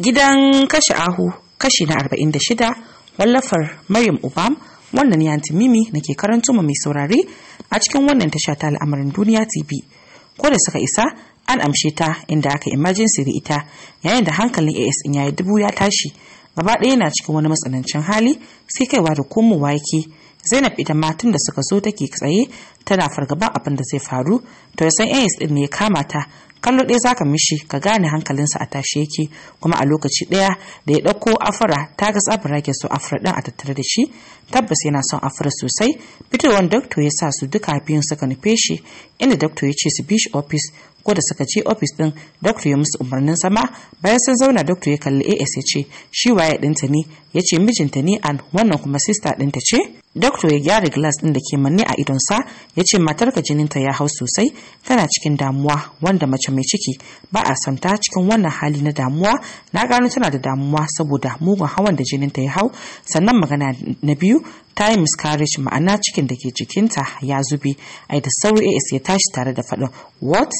Gidan kashe ahu kashi na arba'in da shida wallafar Maryam Ubam wannan yanti mimi na ke karanto mai saurari a cikin wannan tasha ta al'amarin duniya TV. Ko da suka isa an amshe ta inda aka emergency da ita yayin da hankalin AS in yi dubu ya tashi gaba ɗaya na cikin wani matsanancin hali sai kaiwa da komowa yake Zainab ita matan da suka zo take tsaye tana fargaba abin da zai faru to san AS ɗin ne ya kama ta kallo ɗaya zaka mishi ka gane hankalinsa a tashe yake kuma a lokaci ɗaya da ya ɗauko afura ta ga tsabara ke so afra ɗin a tattare da shi tabbas yana son afura sosai fitowar dokto ya sa su duka biyun suka nufe shi inda dokto ya ce su bi shi office ko da suka je ofis din doctor ya musu umarnin sama bayan sun zauna doctor ya kalli as ya ce shi waye dinta ne ya ce mijinta ne an wannan kuma sister dinta ce doctor ya gyara glass din da ke manne a idonsa ya ce matarka jininta ya hau sosai tana cikin damuwa wanda mace mai ciki ba a ta cikin wannan hali na damuwa na gano tana da damuwa saboda mugun hawan da jininta ya hau sannan magana na biyu ta yi miscarriage ma'ana cikin da ke jikinta ya zube ai da sauri as ya tashi tare da faɗin what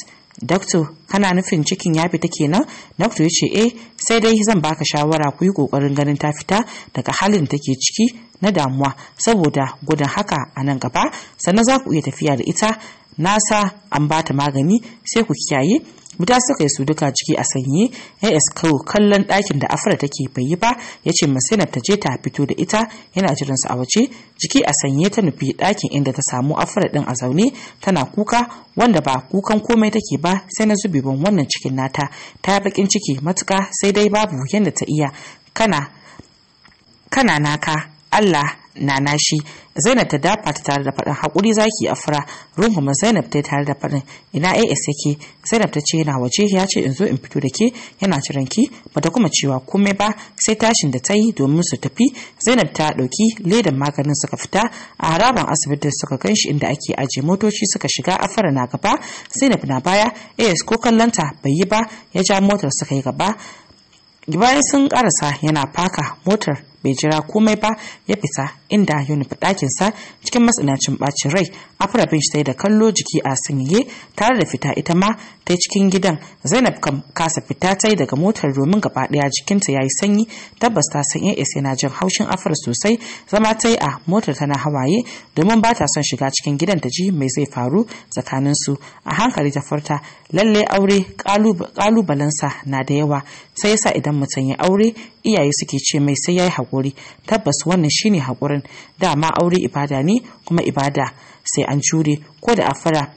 doctor kana nufin cikin ya fita kenan doctor ya ce eh sai dai zan baka shawara ku yi kokarin ganin ta fita daga halin da take ciki na damuwa saboda gudun haka a nan gaba sannan za ku iya tafiya da ita nasa an ba ta magani sai ku kiyaye guda suka yi su duka ciki a sanyi as kawo kallon ɗakin da afra take bai yi ba ya ce masina ta je ta fito da ita yana jiran su a waje jiki a sanye ta nufi ɗakin inda ta samu afra ɗin a zaune tana kuka wanda ba kukan komai take ba sai na zubewan wannan cikin nata ta bakin ciki matuka sai dai babu yadda ta iya kana kana naka Allah na nashi Zainab ta dafa ta tare da faɗin hakuri zaki a fura ma Zainab ta tare da faɗin ina AS yake Zainab ta ce yana waje ya ce in zo in fito da ke yana ciran ki bata kuma cewa komai ba sai tashin da ta yi domin su tafi Zainab ta dauki ledan maganin suka fita a haraban asibitin suka ganshi inda ake aje motoci suka shiga afara na gaba Zainab na baya AS ko kallonta bai yi ba ya ja motar suka yi gaba bayan sun karasa yana faka motar bai jira komai ba ya fita inda ya nufi ɗakinsa cikin matsanancin bacin rai afra bin sai da kallo jiki a sanyaye tare da fita ita ma ta cikin gidan zainab kam kasa fita ta yi daga motar domin gaba ɗaya jikinta ya yi sanyi tabbas ta san as yana jin haushin afar sosai zama ta yi a motar tana hawaye domin ba ta son shiga cikin gidan ta ji mai zai faru tsakaninsu a hankali ta furta lalle aure ƙalubalensa na da yawa sai yasa idan mutum ya aure iyaye suke ce mai sai ya yi hakuri tabbas wannan shine hakurin dama aure ibada ne kuma ibada sai an jure ko da afara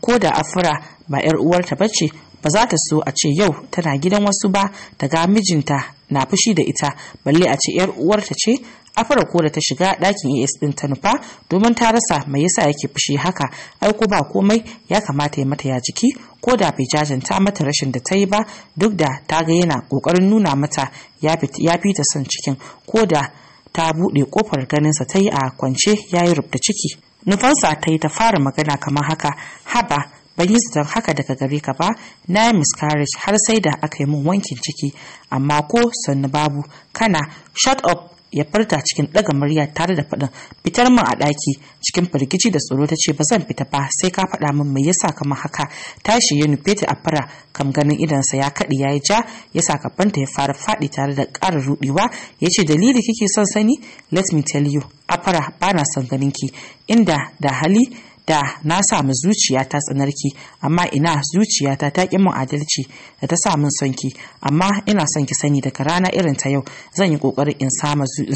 ko da afara ba 'yar uwarta bace ba za ta so a ce yau tana gidan wasu ba ta ga mijinta na fushi da ita balle a ce yar uwarta ce afara ko da ta shiga ɗakin as ɗin ta nufa domin ta rasa mai yasa yake fushi haka ai ko ba komai ya kamata ya mata ya jiki ko da bai jajanta mata rashin da ta yi ba duk da ta ga yana ƙoƙarin nuna mata ya fi ta son cikin ko da ta buɗe ƙofar ganinsa ta yi a kwance ya yi rubda ciki nufansa ta yi ta fara magana kamar haka haba ban yi zaton haka daga gare ka ba na yi miscarriage har sai da aka yi min wankin ciki amma ko sannu babu kana shut up ya farta cikin ɗaga murya tare da faɗin fitar min a ɗaki cikin firgici da tsoro ta ce ba zan fita ba sai ka faɗa min mai yasa kamar haka tashi ya nufe ta a fara kam ganin idansa ya kaɗi ya yi ja ya sa kafanta ya fara faɗi tare da ƙara ruɗewa ya ce dalili kike son sani let me tell you a fara ba na son ganin ki inda da hali da na samu zuciya ta tsanarki amma ina zuciyata ta ƙi mun adalci da ta sa min sonki amma ina son ki sani daga rana irin ta yau zan yi ƙoƙarin in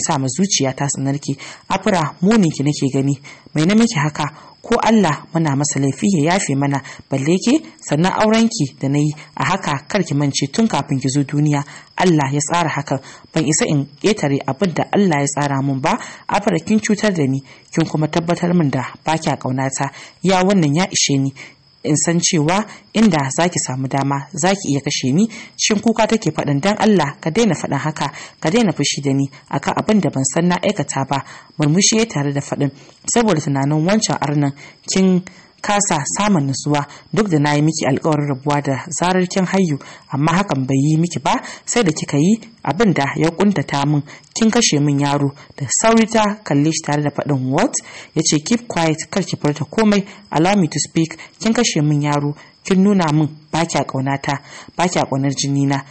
sama zuciya ta tsanarki afira muninki ki nake gani mai na miki haka ko Allah muna masa laifi ya yafe mana balle ke sannan aurenki da na yi a haka kar ki mance tun kafin ki zo duniya Allah ya tsara hakan ban isa in ƙetare abin da Allah ya tsara mun ba afara kin cutar da ni kin kuma tabbatar min da ba kya ƙaunata ya wannan ya ishe ni in san cewa inda zaki samu dama zaki iya kashe ni shin kuka take faɗin dan Allah ka daina faɗin haka ka daina fushi da ni akan abin da ban san na aikata ba murmushi ya tare da faɗin saboda tunanin wancan arnan kin kasa samun nutsuwa duk da na yi miki alkawarin rabuwa da zarar kin hayu amma hakan bai yi miki ba sai da kika yi abin da ya kuntata min kin kashe min yaro da sauri ta kalle shi tare da faɗin what ya ce keep quiet kar ki furta komai allow me to speak kin kashe min yaro kin nuna min ba kya ƙaunata ba kya ƙaunar jini na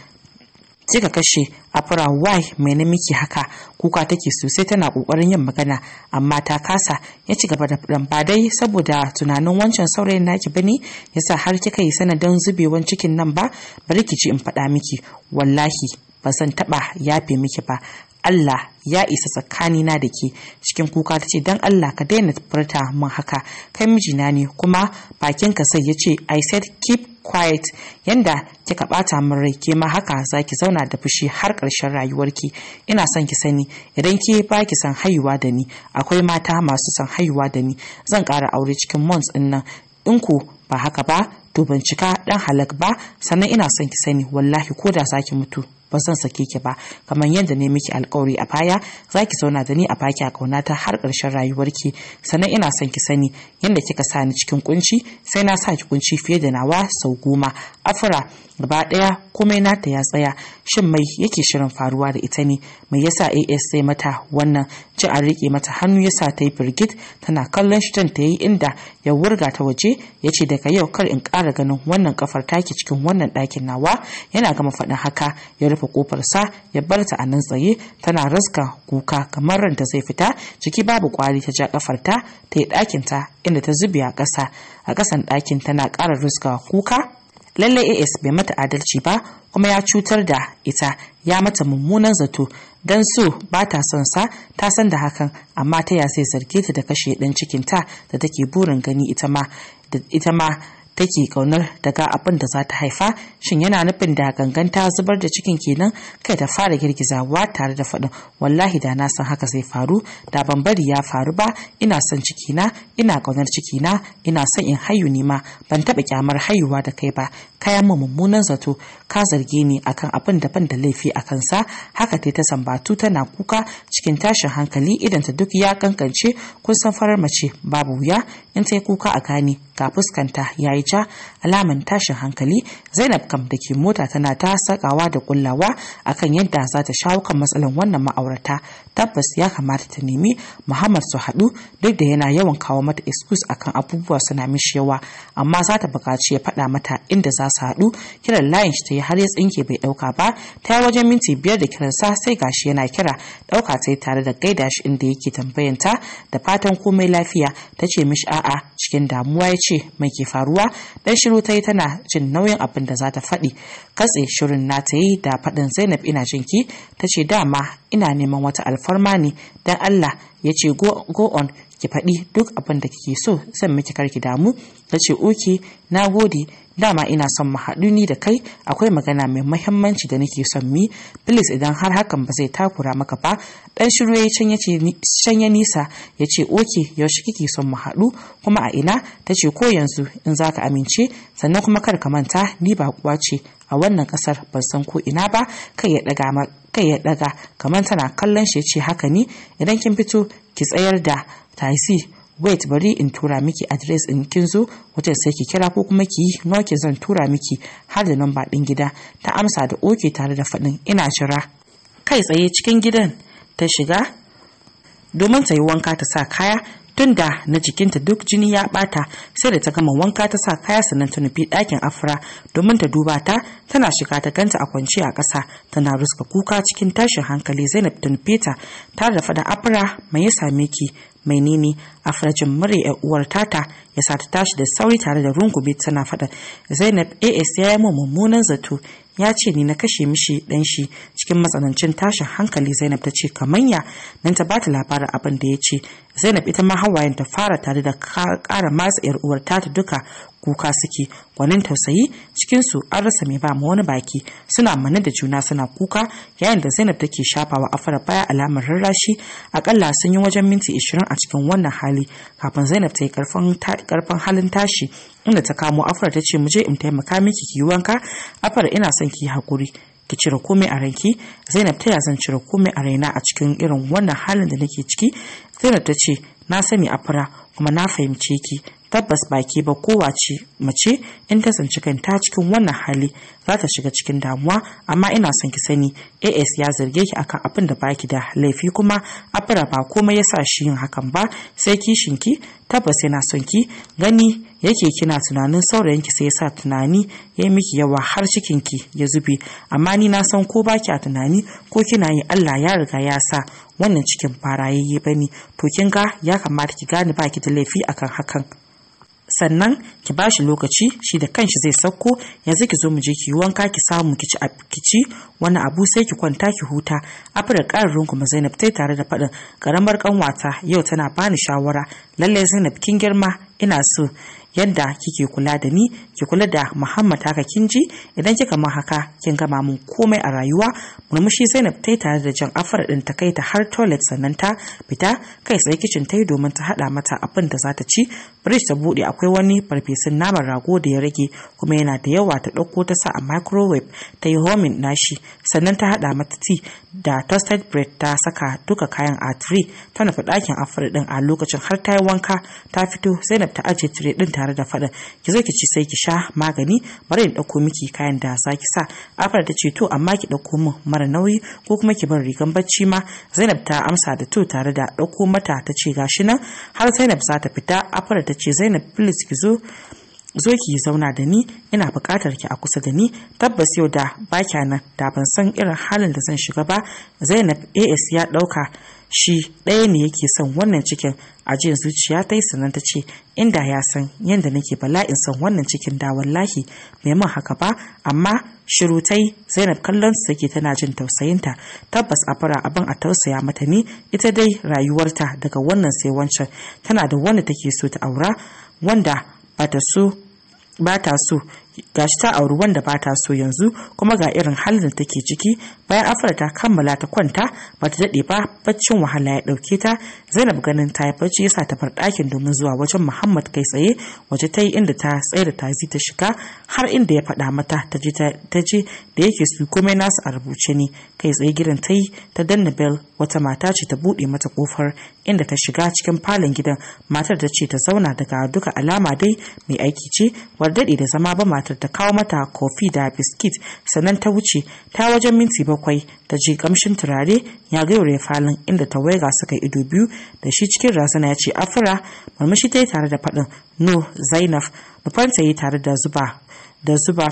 kika kashe afra why mai na miki haka kuka take sosai tana kokarin yin magana amma ta kasa ya ci gaba da fadan ba dai saboda tunanin wancan saurayin naki bane yasa har kika yi sanadin zubewan cikin nan ba bari ki ji in faɗa miki wallahi ba zan taɓa yafe miki ba Allah ya isa tsakanina da ke cikin kuka ta ce don Allah ka daina furta mun haka kai mijina ne kuma bakinka sai ya ce I said keep quiet yanda kika bata min rai ke ma haka zaki zauna da fushi har ƙarshen rayuwarki ina son ki sani idan ki ba ki son haihuwa da ni akwai mata masu son haihuwa da ni zan ƙara aure cikin months din nan in ku ba haka ba to ban cika dan halak ba sannan ina son ki sani wallahi ko da zaki mutu ba zan sake ki ba kamar yadda ne miki alkawari a baya za ki zauna da ni a baki a kaunata har ƙarshen rayuwarki sannan ina son ki sani yadda kika sa ni cikin kunci sai na sa ki kunci fiye da nawa sau goma Afura. gaba ɗaya komai nata ya tsaya shin mai yake shirin faruwa da ita ne mai yasa as sai mata wannan ji an rike mata hannu yasa ta yi firgit tana kallon shi ta yi inda ya wurga ta waje ya ce daga yau kar in kara ganin wannan kafar taki cikin wannan ɗakin nawa yana gama faɗin haka ya rufe kofarsa ya bar ta a nan tsaye tana raska kuka kamar ranta zai fita ciki babu kwari ta ja kafarta ta yi ɗakinta inda ta zubi a ƙasa a ƙasan ɗakin tana ƙara ruska kuka lalle as bai mata adalci ba kuma ya cutar da ita ya mata mummunan zato don so ba ta son sa ta san da hakan amma ta ya sai zarge ta da kashe ɗan cikinta da take burin gani ita ma take kaunar daga abin da za ta haifa shin yana nufin da gangan ta zubar da cikin kenan kai ta fara girgizawa tare da faɗin wallahi da na san haka zai faru da ban bari ya faru ba ina son cikina ina kaunar cikina ina son in hayu ni ma ban taɓa kyamar haihuwa da kai ba kayan mu mummunan zato ka zarge ni akan abin da ban da laifi a kansa haka ta sambatu tana kuka cikin tashin hankali idan ta duk ya kankance kun san farar mace babu wuya in ta yi kuka a gani ga fuskanta ya yi ja alaman tashin hankali zainab kam da ke mota tana ta sakawa da kullawa akan yadda za ta shawo kan matsalan wannan ma'aurata tabbas ya kamata ta nemi muhammad su haɗu duk da yana yawan kawo mata iskus akan abubuwa suna mishi yawa amma za ta buƙaci ya faɗa mata inda za su haɗu kiran layin shi ta yi har ya tsinke bai ɗauka ba ta yi wajen minti biyar da kiran sa sai gashi yana kira ɗauka ta yi tare da gaida shi inda yake ta da fatan komai lafiya ta ce mishi a'a cikin damuwa ya ce mai ke faruwa dan shiru ta yi tana jin nauyin abin da za ta faɗi katse shirin na ta yi da faɗin zainab ina jinki ta ce dama ina neman wata alfarma ne don allah ya ce go on ki faɗi duk abin da kike so zan miki karki damu ta ce oke na gode dama ina son mu haɗu ni da kai akwai magana mai mahimmanci da nake son mi please idan har hakan ba zai takura maka ba Ɗan shiru ya can nisa ya ce oke yaushe kike son mu haɗu kuma a ina ta ce ko yanzu in za ka amince sannan kuma kar ka manta ni ba kuwa ce a wannan ƙasar, ban san ko ina ba kai ya daga kai ya kamar tana kallon shi ce haka ne idan kin fito ki tsayar da taxi wait bari in tura miki adres in kin zo wajen sai ki kira ko kuma ki ki zan tura miki har da namba din gida ta amsa da oke tare da faɗin ina jira kai tsaye cikin gidan ta shiga domin ta yi wanka ta sa kaya tunda na jikinta duk jini ya bata sai da ta gama wanka ta sa kaya sannan ta nufi ɗakin afra domin ta duba ta tana shiga ta ganta a kwance a ƙasa tana ruska kuka cikin tashin hankali zainab ta nufi ta tare da faɗa afra mai ya same ki mai nini afra mure yar uwar tata ya sa ta tashi da sauri tare da rungume tana faɗa zainab as ya yi mummunan zato ya ce ni na kashe mishi dan shi cikin matsanancin tashin hankali zainab ta ce kamanya nan ta bata labarin abin da ya ce zainab ita ma hawayen ta fara tare da kara matsa yar uwar ta duka kuka suke gwanin tausayi cikin su an rasa mai ba mu wani baki suna manne da juna suna kuka yayin da zainab take shafawa afara baya alamar rarrashi akalla sun yi wajen minti 20 a cikin wannan hali kafin zainab ta yi karfin halin tashi inda ta kamo afara ta ce mu je in taimaka miki ki yi wanka afara ina son ki yi hakuri ki cire komai a ranki zainab ta zan cire komai a raina a cikin irin wannan halin da nake ciki zainab ta ce na sani a kuma na fahimce ki tabbas baki ba kowace mace in ta tsinci kanta cikin wannan hali za ta shiga cikin damuwa amma ina son ki sani as ya zarge ki akan abin da baki da laifi kuma afira ba komai ya sa shi yin hakan ba sai kishin ki tabbas yana son ki gani yake kina tunanin saurayinki sai sa tunani ya miki yawa har cikinki ya zube amma ni na san ko baki a tunani ko kina yi Allah ya riga ya sa wannan cikin farayayye bane to kin ga ya kamata ki gane baki da laifi akan hakan sannan ki ba shi lokaci shi da kanshi zai sauko yanzu ki zo mu je ki yi wanka ki samu ki ci ki ci wani abu sai ki kwanta ki huta afira ƙarin kuma Zainab tai tare da faɗin karamar kanwata yau tana bani shawara lalle Zainab kin girma ina so yadda kike kula da ni ki kula da Muhammad haka kin ji idan kika ma haka kin gama mun komai a rayuwa murmushi Zainab ta tare da jan afar din ta kai ta har toilet sannan ta fita kai sai kitchen yi domin ta hada mata abin da za ta ci Bridge ta buɗe akwai wani farfesun naman rago da ya rage kuma yana da yawa ta ɗauko ta sa a microwave ta yi homin nashi sannan ta haɗa mata tea da toasted bread ta saka duka kayan a tray ta nufi ɗakin afir ɗin a lokacin har ta yi wanka ta fito Zainab ta ajiye tire ɗin tare da faɗan ki zo ki ci sai ki sha magani bari in ɗauko miki kayan da za ki sa afir ta ce to amma ki ɗauko min mara nauyi ko kuma ki bar rigan bacci ma Zainab ta amsa da to tare da ɗauko mata ta ce gashi nan har Zainab za ta fita afir ta ta ce zainab please ki zo zo ki zauna da ni ina buƙatar ki a kusa da ni tabbas yau da ba kya nan da ban san irin halin da zan shiga ba zainab as ya ɗauka shi ɗaya ne yake son wannan cikin a jin zuciya ta yi sannan ta ce inda ya san yadda nake bala'in son wannan cikin da wallahi bai mun haka ba amma shirutai zainab kallon su take tana jin tausayinta tabbas a fara abin a tausaya mata ne ita dai rayuwarta daga wannan sai wancan tana da wanda take so ta aura wanda ba ta so gashi ta auri wanda ba ta so yanzu kuma ga irin halin da take ciki bayan afra ta kammala ta kwanta ba ta daɗe ba baccin wahala ya ɗauke ta zainab ganin ta yi bacci yasa ta bar ɗakin domin zuwa wajen muhammad kai tsaye waje ta yi inda ta tsaye da zi ta shiga har inda ya faɗa mata ta je da yake su kome nasu a rubuce ne kai tsaye gidan ta yi ta danna bel wata mata ce ta buɗe mata kofar inda ta shiga cikin falon gidan matar ta ce ta zauna daga duka alama dai mai aiki ce war daɗe da zama ba mata matar ta kawo mata kofi da biskit sannan ta wuce ta wajen minti bakwai ta ji kamshin turare ya gaure falin inda ta waiga suka ido biyu da shi cikin razana ya ce afira murmushi ta yi tare da faɗin no zainab nufan ta yi tare da zuba da zuba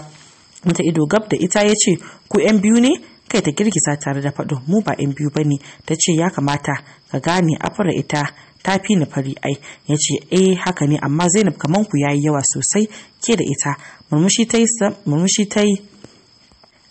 mata ido gab da ita ya ce ku yan biyu ne kai ta girgiza tare da faɗin mu ba yan biyu ba ne ta ce ya kamata ka gane afira ita ta fi ni fari ai ya ce eh haka ne amma zainab kaman ku yayi yawa sosai ke da ita murmushi ta yi murmushi ta yi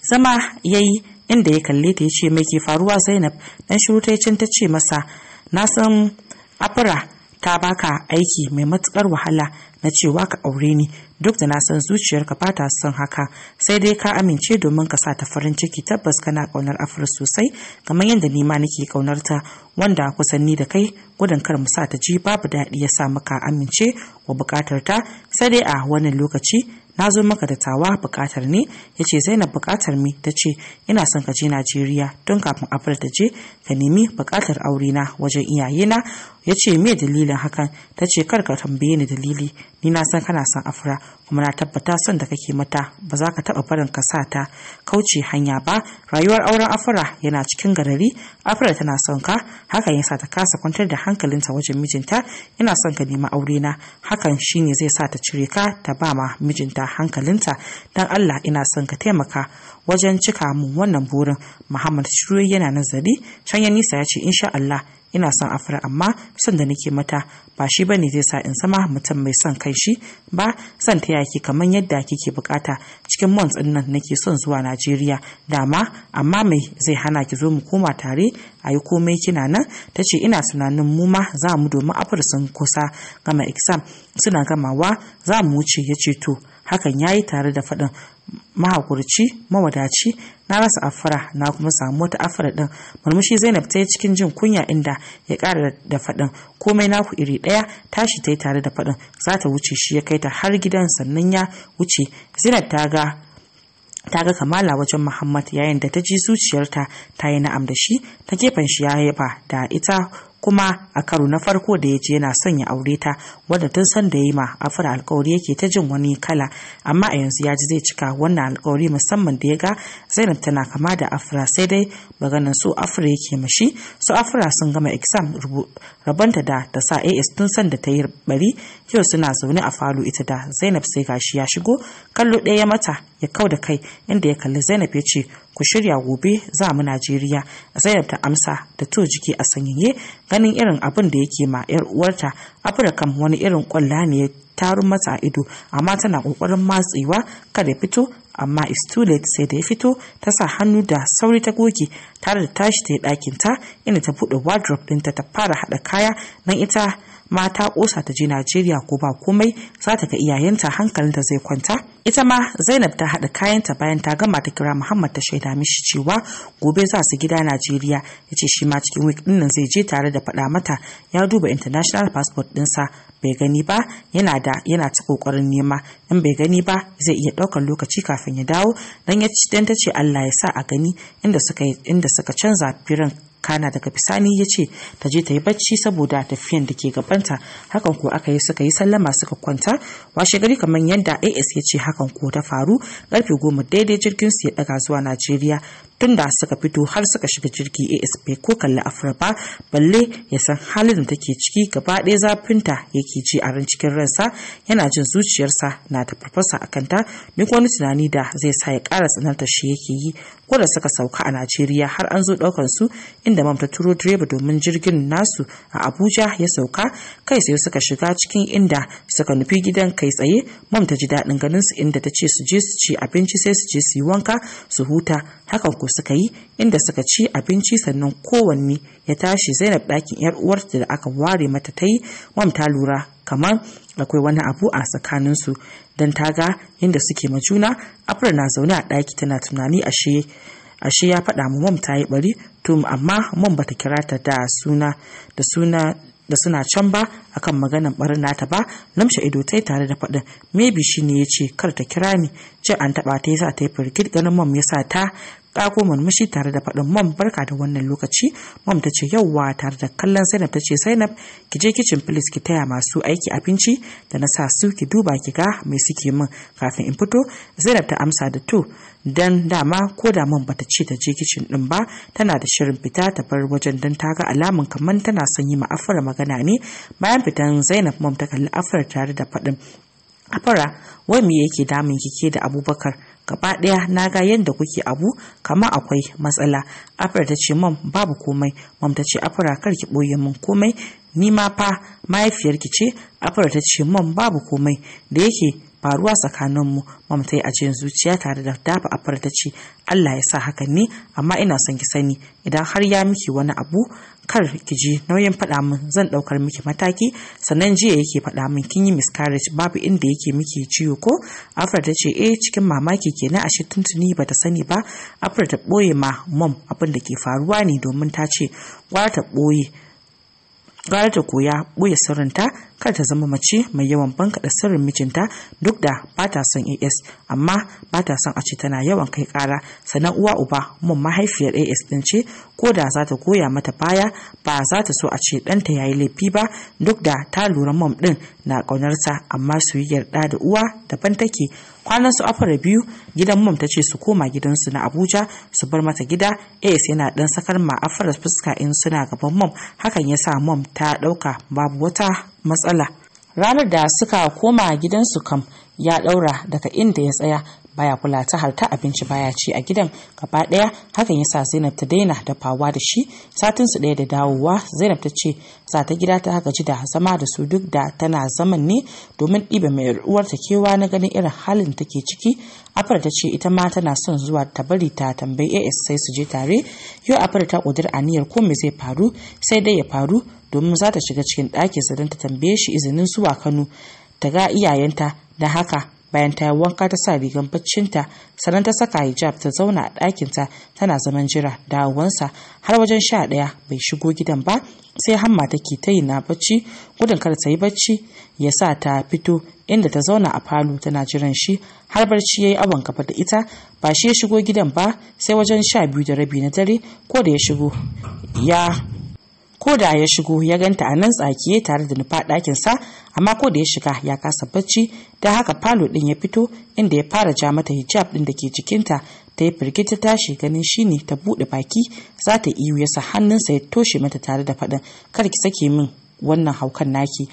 zama yayi inda ya kalle ta ya ce mai ke faruwa zainab dan shiru ta yi ta ce masa na san afira ta baka aiki mai matukar wahala na cewa ka aure ni duk da na san zuciyarka ba ta son haka sai dai ka amince domin ka sa ta farin ciki tabbas kana kaunar afur sosai kamar yadda ni ma nake kaunar ta wanda kusan ni da kai gudun kar mu sa ta ji babu daɗi ya sa maka amince wa bukatar ta sai dai a wannan lokaci na zo maka da tawa bukatar ne ya ce zainab bukatar mi ta ce ina son ka je najeriya don kafin afir ta je ka nemi bukatar aure na wajen iyayena ya ce me dalilin hakan ta ce kar ka tambaye ni dalili ni na san kana son afra kuma na tabbata son da kake mata ba za ka taɓa barin ka sa ta kauce hanya ba rayuwar auren afra yana cikin garari afra tana son ka hakan yasa ta kasa kwantar da hankalinta wajen mijinta ina son ka nema aure na hakan shine zai sa ta cire ka ta ba ma mijinta hankalinta dan Allah ina son ka taimaka wajen cika mun wannan burin Muhammad Shiru yana nazari can ya nisa ya ce insha Allah ina son afira amma son da nake mata ba shi bane zai sa in sama mutum mai son kai shi ba son ta yaki kamar yadda kike bukata cikin months din nan nake son zuwa Najeriya dama amma mai zai hana ki zo mu koma tare ayi komai kina nan tace ina tunanin mu ma za mu domin afir sun kusa gama exam suna gamawa za mu wuce ya to hakan ya yi tare da faɗin mahakurci mawadaci na rasa afara na kuma samu wata afara ɗin murmushi zainab ta yi cikin jin kunya inda ya ƙara da faɗin komai naku iri ɗaya tashi ta yi tare da faɗin za ta wuce shi ya kai ta har gidan sannan ya wuce zainab ta ga ta ga kamala wajen muhammad yayin da ta ji zuciyarta ta yi na'am da shi ta gefen shi ya yaba da ita kuma a karo na farko da ya je yana son ya aure ta wadda tun san da yi ma fara alkawari yake ta jin wani kala amma a yanzu ya ji zai cika wannan alkawari musamman da ya ga zainab tana kama da afra, sai dai maganin su afra yake mashi su afra sun gama exam rabanta da ta sa as tun san da ta yi bari yau suna zaune a falo ita da zainab sai gashi ya shigo kallo ɗaya mata ya kau da kai inda ya kalli zainab ya ce ku shirya gobe za mu najeriya zainab ta amsa da to jiki a sanyaye ganin irin abin da yake ma yar uwarta Afirka wani irin kwalla ne ya taru mata ido amma tana kokarin matsewa kada fito amma is too late sai da ya fito ta sa hannu da sauri ta goge tare da tashi ta yi ɗakin ta inda ta buɗe wardrobe ɗinta ta fara haɗa kaya nan ita Mata kosa ta je Najeriya ko ba komai za ta ga iyayenta hankalin hankalinta zai kwanta ita ma Zainab ta haɗa kayanta bayan ta gama ta kira Muhammad ta shaida mishi cewa gobe za su gida Najeriya ya ce shi ma cikin week ɗin nan zai je tare da faɗa mata ya duba international passport ɗinsa bai gani ba yana da yana ta kokarin nema in bai gani ba zai iya ɗaukar lokaci kafin ya dawo dan ya ci dan ta ce Allah ya sa a gani inda suka inda suka canza firin kana daga bisani ya ce ta je ta yi bacci saboda tafiyan da ke gabanta hakan ko aka yi suka yi sallama suka kwanta washe gari kamar yadda as ya ce hakan ko ta faru karfe goma daidai jirgin su ya daga zuwa najeriya tun da suka fito har suka shiga jirgi asp ko kalli afra ba balle ya san halin da take ciki gaba ɗaya zafinta yake ji a ran cikin ransa yana jin zuciyarsa na da farfasa a kanta duk wani tunani da zai sa ya ƙara tsananta shi yake yi ko da suka sauka a najeriya har an zo ɗaukar su inda mamta turo direba domin jirgin nasu a abuja ya sauka kai sai suka shiga cikin inda suka nufi gidan kai tsaye mamta ji daɗin ganin su inda ta ce su je su ci abinci sai su je su yi wanka su huta hakan ku suka yi inda suka ci abinci sannan kowanne ya tashi zainab ɗakin yar uwarta da aka ware mata ta yi wam ta lura kamar akwai wani abu a tsakaninsu don ta ga yadda suke ma juna afra na zaune a ɗaki tana tunani ashe ya faɗa mu mom ta yi bari to amma mom bata kira ta da suna da suna da suna can ba akan maganan barin nata ba lamshe ido tai tare da faɗin maybe shine ya ce kar ta kira ni ce an taɓa ta yi sa ta yi firgit ganin mom sa ta koma murmushi tare da faɗin mom barka da wannan lokaci mam ta ce yauwa tare da kallon Zainab ta ce Zainab ki je kicin filis ki taya masu aiki abinci da na sa su ki duba ki ga mai suke min kafin in fito Zainab ta amsa da to dan dama ko da mom bata ce ta je kicin din ba tana da shirin fita ta bar wajen dan ta ga alamun kamar tana son yi ma'afara magana ne bayan fitan Zainab mom ta kalli afar tare da faɗin afara wai me yake damun kike da Abubakar gaba ɗaya na ga yadda kuke abu kama akwai matsala afra ta ce mam babu komai mam ta ce afra kar ki ɓoye min komai ni ma fa mahaifiyarki ce afra ta ce mam babu komai da yake faruwa tsakaninmu mama ta yi ajiyar zuciya tare da dafa afar ta ce Allah ya sa haka ne amma ina son ki sani idan har ya miki wani abu kar ki ji nauyin faɗa min zan ɗaukar miki mataki sannan jiya yake faɗa min kin yi miscarriage babu inda yake miki ciwo ko afar ta ce eh cikin mamaki kenan ashe tuntuni ba ta sani ba afar ta ɓoye ma mom abin da ke faruwa ne domin ta ce gwara ta ɓoye gara ta koya ɓoye sirrinta kar ta zama mace mai yawan bankaɗa sirrin mijinta duk da ba ta son as amma ba ta son a ce tana yawan kai ƙara sannan uwa uba mun mahaifiyar as ɗin ce ko da za ta koya mata baya ba za ta so a ce ɗanta ya yi laifi ba duk da ta lura mom ɗin na ƙaunarsa amma soyayyar ɗa da uwa daban take kwanan su afara biyu gidan mum ta ce su koma gidansu na abuja su bar mata gida as yana dan sakar ma afara fuska in suna gaban mum hakan ya sa mum ta dauka babu wata matsala ranar da suka koma gidansu kam ya ɗaura daga inda ya tsaya baya kula ta har abinci baya ci a gidan gaba ɗaya hakan yasa Zainab ta daina dafawa da shi satin su ɗaya da dawowa Zainab ta ce za ta gida ta haka da zama da su duk da tana zaman ne domin ɗiba mai uwarta kewa na ganin irin halin take ciki afar ta ce ita ma tana son zuwa ta bari ta tambayi as sai su je tare yau afar ta ƙudur aniyar ko me zai faru sai dai ya faru domin za ta shiga cikin ɗakin don ta tambaye shi izinin zuwa kano ta ga iyayenta da haka bayan ta wanka ta sa rigan baccinta sannan ta saka hijab ta zauna a ɗakinta tana zaman jira Da dawowansa har wajen sha ɗaya bai shigo gidan ba sai hamma take ta yi na bacci gudun kar ta yi bacci ya sa ta fito inda ta zauna a falo tana jiran shi har barci ya yi awon gaba da ita ba shi ya shigo gidan ba sai wajen sha biyu da rabi na dare ko da ya shigo ya ko da ya shigo ya ganta a nan tsakiye tare da nufa ɗakinsa amma ko da ya shiga ya kasa bacci da haka falo ɗin ya fito inda ya fara ja mata hijab ɗin da ke jikinta ta yi firgita tashi ganin shine ta buɗe baki za ta iyo ya sa hannunsa ya toshe mata tare da faɗin kar ki sake min wannan haukan naki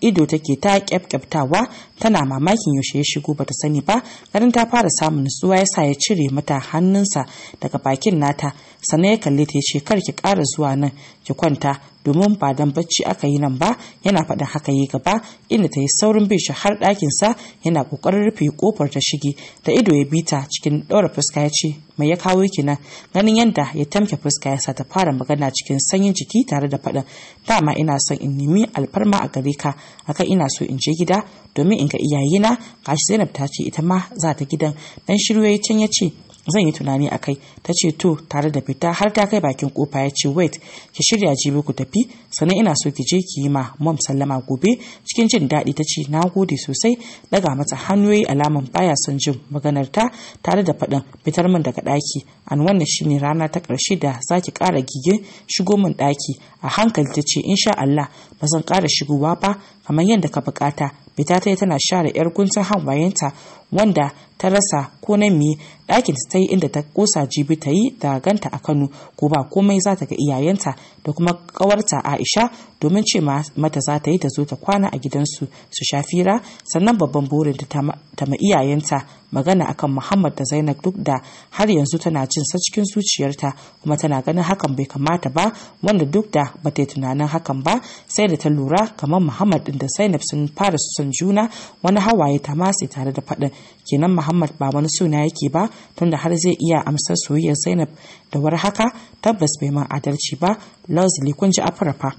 ido take ta kyafkyaftawa tana mamakin yaushe ya shigo bata sani ba ganin ta fara samun nutsuwa yasa ya cire mata hannunsa daga bakin nata sannan ya kalle ta ya ce kar ki kara zuwa nan ki kwanta domin ba dan bacci aka yi nan ba yana faɗin haka yi gaba inda ta yi saurin bin shi har ɗakinsa yana ƙoƙarin rufe ƙofar ta shige da ido ya bita cikin ɗaura fuska ya ce mai ya kawo nan ganin yadda ya tamke fuska ya sa ta fara magana cikin sanyin jiki tare da faɗin dama ina son in nemi alfarma a gare ka akan ina so in je gida domin in ga iyayena gashi zainab ta ce ita ma za ta gidan dan shiru ya can ya ce zan yi tunani a kai ta ce to tare da fita har ta kai bakin kofa ya ce wait ki shirya jibi ku tafi sannan ina so ki je ki yi ma mom sallama gobe cikin jin daɗi ta ce na gode sosai daga mata hannuyoyi alaman baya son jin maganar ta tare da faɗin fitar min daga ɗaki an wannan shine rana ta ƙarshe da zaki ƙara gige shigo min ɗaki a hankali ta ce insha Allah ba zan ƙara shigowa ba kamar yadda ka buƙata fita ta tana share yar guntun hawayenta wanda ta rasa ko na me ɗakin ta yi inda ta kosa jibi ta yi da ganta a kano ko ba komai za ta ga iyayenta da kuma kawarta aisha domin ce mata za ta yi ta zo ta kwana a gidansu su sha fira sannan babban burin ta ma iyayenta magana akan muhammad da zainab duk da har yanzu tana jin sa cikin zuciyarta kuma tana ganin hakan bai kamata ba wanda duk da ba ta yi tunanin hakan ba sai da ta lura kamar muhammad din da zainab sun fara son juna wani hawaye ta matse tare da faɗin kenan muhammad Muhammad ba wani suna yake ba tunda har zai iya amsar soyayyar Zainab da war haka tabbas bai ma adalci ba Lazli kun ji afrafa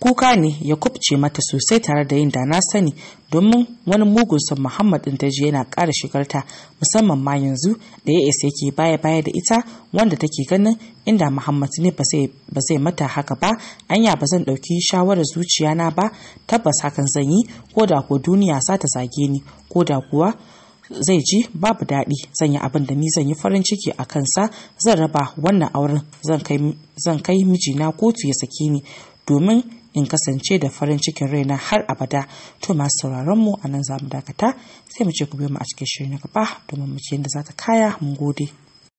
kuka ne ya kubce mata sosai tare da yin da na sani domin wani mugun son muhammad ɗin taji yana ƙara shigarta musamman ma yanzu da ya isa yake baya baya da ita wanda take ganin inda muhammad ne ba zai mata haka ba anya ba zan ɗauki shawarar zuciya na ba tabbas hakan zan yi ko da ko duniya sa ta zage ni ko da kuwa zai ji babu daɗi zan yi abin da ni zan yi farin ciki a kansa zan raba wannan auren zan kai mijina kotu ya saki ni domin in kasance da farin cikin raina har abada to masu sauraron mu a nan zamu dakata sai mu ce ku biyo mu a cikin shirin na gaba domin mu ce yadda za ta kaya mun gode